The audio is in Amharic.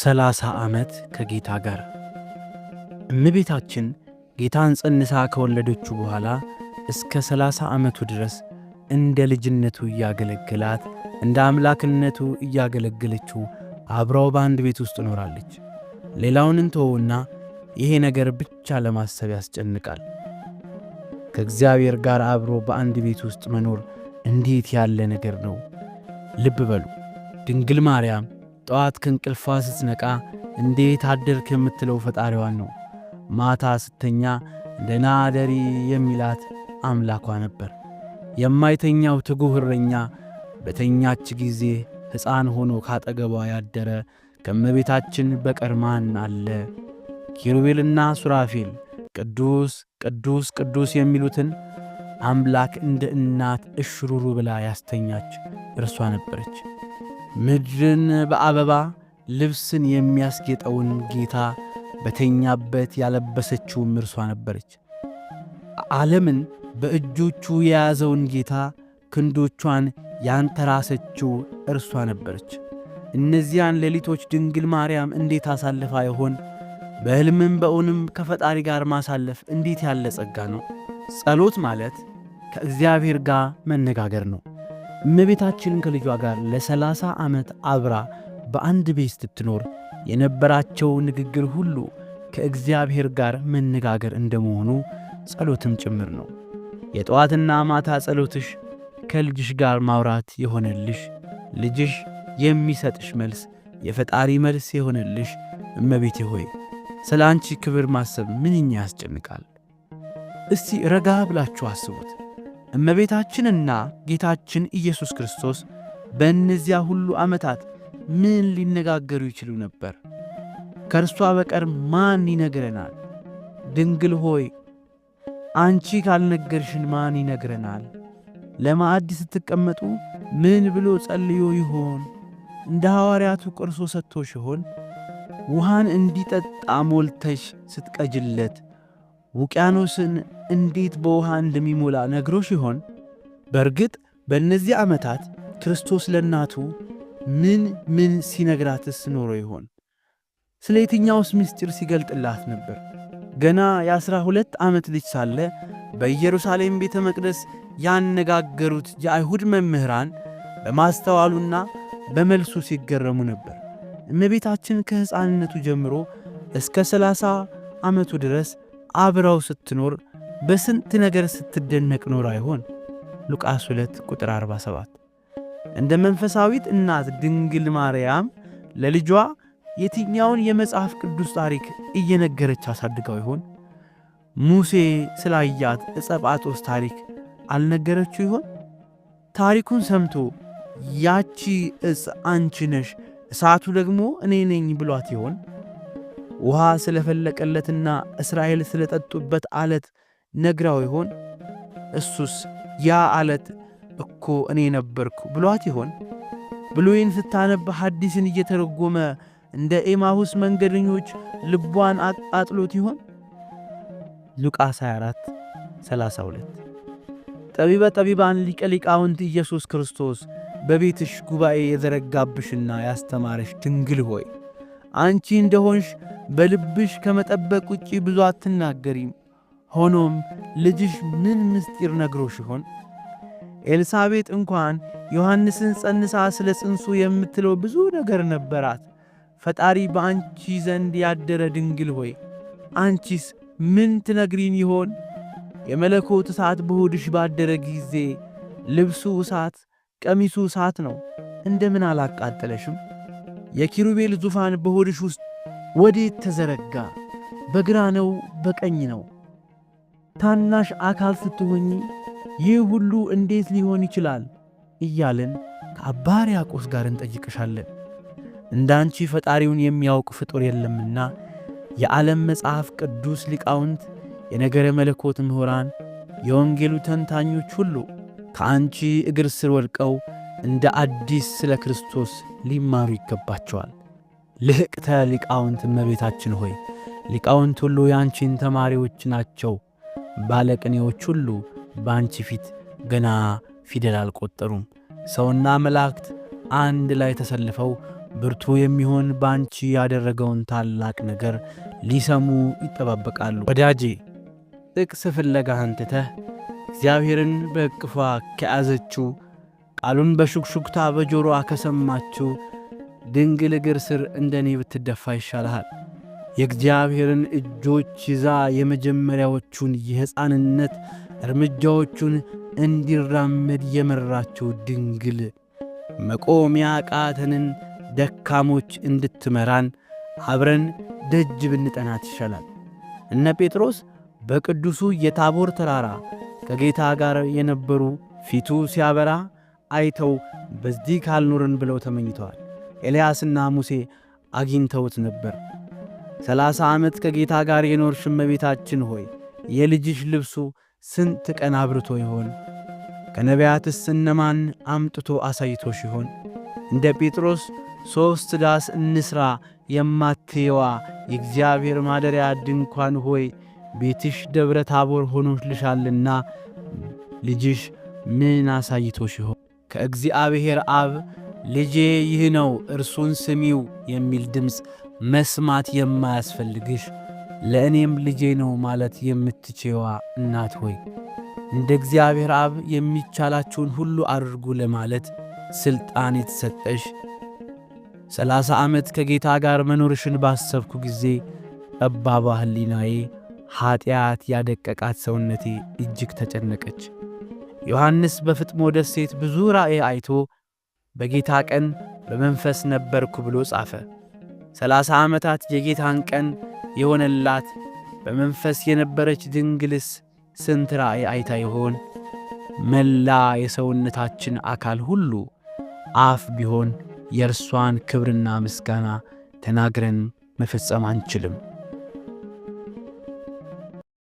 ሰላሳ ዓመት ከጌታ ጋር እመቤታችን ጌታን ጸንሳ ከወለደችው በኋላ እስከ ሰላሳ ዓመቱ ድረስ እንደ ልጅነቱ እያገለገላት እንደ አምላክነቱ እያገለገለችው አብረው በአንድ ቤት ውስጥ ኖራለች። ሌላውን እንተወውና ይሄ ነገር ብቻ ለማሰብ ያስጨንቃል። ከእግዚአብሔር ጋር አብሮ በአንድ ቤት ውስጥ መኖር እንዴት ያለ ነገር ነው! ልብ በሉ ድንግል ማርያም ጠዋት ከእንቅልፏ ስትነቃ እንዴት አደርክ የምትለው ፈጣሪዋን ነው። ማታ ስተኛ ደህና የሚላት አምላኳ ነበር። የማይተኛው ትጉህ እረኛ በተኛች ጊዜ ሕፃን ሆኖ ካጠገቧ ያደረ ከመቤታችን በቀር ማን አለ? ኪሩቤልና ሱራፌል ቅዱስ ቅዱስ ቅዱስ የሚሉትን አምላክ እንደ እናት እሽሩሩ ብላ ያስተኛች እርሷ ነበረች። ምድርን በአበባ ልብስን የሚያስጌጠውን ጌታ በተኛበት ያለበሰችውም እርሷ ነበረች። ዓለምን በእጆቹ የያዘውን ጌታ ክንዶቿን ያንተራሰችው እርሷ ነበረች። እነዚያን ሌሊቶች ድንግል ማርያም እንዴት አሳልፋ ይሆን? በሕልምም በእውንም ከፈጣሪ ጋር ማሳለፍ እንዴት ያለ ጸጋ ነው! ጸሎት ማለት ከእግዚአብሔር ጋር መነጋገር ነው። እመቤታችንን ከልጇ ጋር ለሰላሳ ዓመት አብራ በአንድ ቤት ስትኖር የነበራቸው ንግግር ሁሉ ከእግዚአብሔር ጋር መነጋገር እንደመሆኑ ጸሎትም ጭምር ነው። የጠዋትና ማታ ጸሎትሽ ከልጅሽ ጋር ማውራት የሆነልሽ ልጅሽ የሚሰጥሽ መልስ የፈጣሪ መልስ የሆነልሽ እመቤቴ ሆይ ስለ አንቺ ክብር ማሰብ ምንኛ ያስጨንቃል። እስቲ ረጋ ብላችሁ አስቡት። እመቤታችንና ጌታችን ኢየሱስ ክርስቶስ በእነዚያ ሁሉ ዓመታት ምን ሊነጋገሩ ይችሉ ነበር? ከእርሷ በቀር ማን ይነግረናል? ድንግል ሆይ አንቺ ካልነገርሽን ማን ይነግረናል? ለማዕድ ስትቀመጡ ምን ብሎ ጸልዮ ይሆን? እንደ ሐዋርያቱ ቆርሶ ሰጥቶሽ ይሆን? ውሃን እንዲጠጣ ሞልተሽ ስትቀጅለት ውቅያኖስን እንዴት በውሃ እንደሚሞላ ነግሮሽ ይሆን? በእርግጥ በእነዚህ ዓመታት ክርስቶስ ለእናቱ ምን ምን ሲነግራትስ ኖሮ ይሆን? ስለ የትኛውስ ምስጢር ሲገልጥላት ነበር? ገና የአሥራ ሁለት ዓመት ልጅ ሳለ በኢየሩሳሌም ቤተ መቅደስ ያነጋገሩት የአይሁድ መምህራን በማስተዋሉና በመልሱ ሲገረሙ ነበር። እመቤታችን ከሕፃንነቱ ጀምሮ እስከ ሰላሳ ዓመቱ ድረስ አብራው ስትኖር በስንት ነገር ስትደነቅ ኖር አይሆን? ሉቃስ 2 ቁጥር 47። እንደ መንፈሳዊት እናት ድንግል ማርያም ለልጇ የትኛውን የመጽሐፍ ቅዱስ ታሪክ እየነገረች አሳድገው ይሆን? ሙሴ ስላያት ዕፀ ጳጦስ ታሪክ አልነገረችው ይሆን? ታሪኩን ሰምቶ ያቺ ዕፅ አንቺ ነሽ እሳቱ ደግሞ እኔ ነኝ ብሏት ይሆን? ውሃ ስለፈለቀለትና እስራኤል ስለጠጡበት አለት ነግራው ይሆን? እሱስ ያ አለት እኮ እኔ ነበርኩ ብሏት ይሆን? ብሉይን ስታነብ ሐዲስን እየተረጎመ እንደ ኤማሁስ መንገደኞች ልቧን አቃጥሎት ይሆን? ሉቃስ 24 32 ጠቢበ ጠቢባን ሊቀ ሊቃውንት ኢየሱስ ክርስቶስ በቤትሽ ጉባኤ የዘረጋብሽና ያስተማረሽ ድንግል ሆይ አንቺ እንደሆንሽ በልብሽ ከመጠበቅ ውጪ ብዙ አትናገሪም። ሆኖም ልጅሽ ምን ምስጢር ነግሮሽ ይሆን? ኤልሳቤጥ እንኳን ዮሐንስን ጸንሳ ስለ ጽንሱ የምትለው ብዙ ነገር ነበራት። ፈጣሪ በአንቺ ዘንድ ያደረ ድንግል ሆይ አንቺስ ምን ትነግሪን ይሆን? የመለኮት እሳት በሆድሽ ባደረ ጊዜ ልብሱ እሳት፣ ቀሚሱ እሳት ነው፤ እንደምን አላቃጠለሽም? የኪሩቤል ዙፋን በሆድሽ ውስጥ ወዴት ተዘረጋ? በግራ ነው? በቀኝ ነው? ታናሽ አካል ስትሆኚ ይህ ሁሉ እንዴት ሊሆን ይችላል? እያልን ከአባ ሕርያቆስ ጋር እንጠይቅሻለን። እንዳንቺ ፈጣሪውን የሚያውቅ ፍጡር የለምና የዓለም መጽሐፍ ቅዱስ ሊቃውንት፣ የነገረ መለኮት ምሁራን፣ የወንጌሉ ተንታኞች ሁሉ ከአንቺ እግር ስር ወድቀው እንደ አዲስ ስለ ክርስቶስ ሊማሩ ይገባቸዋል። ልህቅተ ሊቃውንት እመቤታችን ሆይ ሊቃውንት ሁሉ የአንቺን ተማሪዎች ናቸው። ባለቅኔዎች ሁሉ በአንቺ ፊት ገና ፊደል አልቆጠሩም። ሰውና መላእክት አንድ ላይ ተሰልፈው ብርቱ የሚሆን በአንቺ ያደረገውን ታላቅ ነገር ሊሰሙ ይጠባበቃሉ። ወዳጄ ጥቅስ ፍለጋህን ትተህ እግዚአብሔርን በእቅፏ ከያዘችው ቃሉን በሹክሹክታ በጆሮዋ ከሰማችው ድንግል እግር ስር እንደ እኔ ብትደፋ ይሻልሃል። የእግዚአብሔርን እጆች ይዛ የመጀመሪያዎቹን የሕፃንነት እርምጃዎቹን እንዲራመድ የመራቸው ድንግል መቆሚያ ቃተንን ደካሞች እንድትመራን አብረን ደጅ ብንጠናት ይሻላል። እነ ጴጥሮስ በቅዱሱ የታቦር ተራራ ከጌታ ጋር የነበሩ ፊቱ ሲያበራ አይተው በዚህ ካልኖርን ብለው ተመኝተዋል። ኤልያስና ሙሴ አግኝተውት ነበር። ሰላሳ ዓመት ከጌታ ጋር የኖርሽ እመቤታችን ሆይ የልጅሽ ልብሱ ስንት ቀን አብርቶ ይሆን? ከነቢያትስ እነማን አምጥቶ አሳይቶሽ ይሆን? እንደ ጴጥሮስ ሦስት ዳስ እንሥራ የማትየዋ የእግዚአብሔር ማደሪያ ድንኳን ሆይ ቤትሽ ደብረ ታቦር ሆኖልሻልና ልጅሽ ምን አሳይቶሽ ይሆን? ከእግዚአብሔር አብ ልጄ ይህ ነው እርሱን ስሚው የሚል ድምፅ መስማት የማያስፈልግሽ ለእኔም ልጄ ነው ማለት የምትችዋ እናት ሆይ እንደ እግዚአብሔር አብ የሚቻላችሁን ሁሉ አድርጉ ለማለት ሥልጣን የተሰጠሽ ሰላሳ ዓመት ከጌታ ጋር መኖርሽን ባሰብኩ ጊዜ ጠባባ ሕሊናዬ ኀጢአት ያደቀቃት ሰውነቴ እጅግ ተጨነቀች። ዮሐንስ በፍጥሞ ደሴት ብዙ ራእይ አይቶ በጌታ ቀን በመንፈስ ነበርኩ ብሎ ጻፈ። ሰላሳ ዓመታት የጌታን ቀን የሆነላት በመንፈስ የነበረች ድንግልስ ስንት ራእይ አይታ ይሆን? መላ የሰውነታችን አካል ሁሉ አፍ ቢሆን የእርሷን ክብርና ምስጋና ተናግረን መፈጸም አንችልም።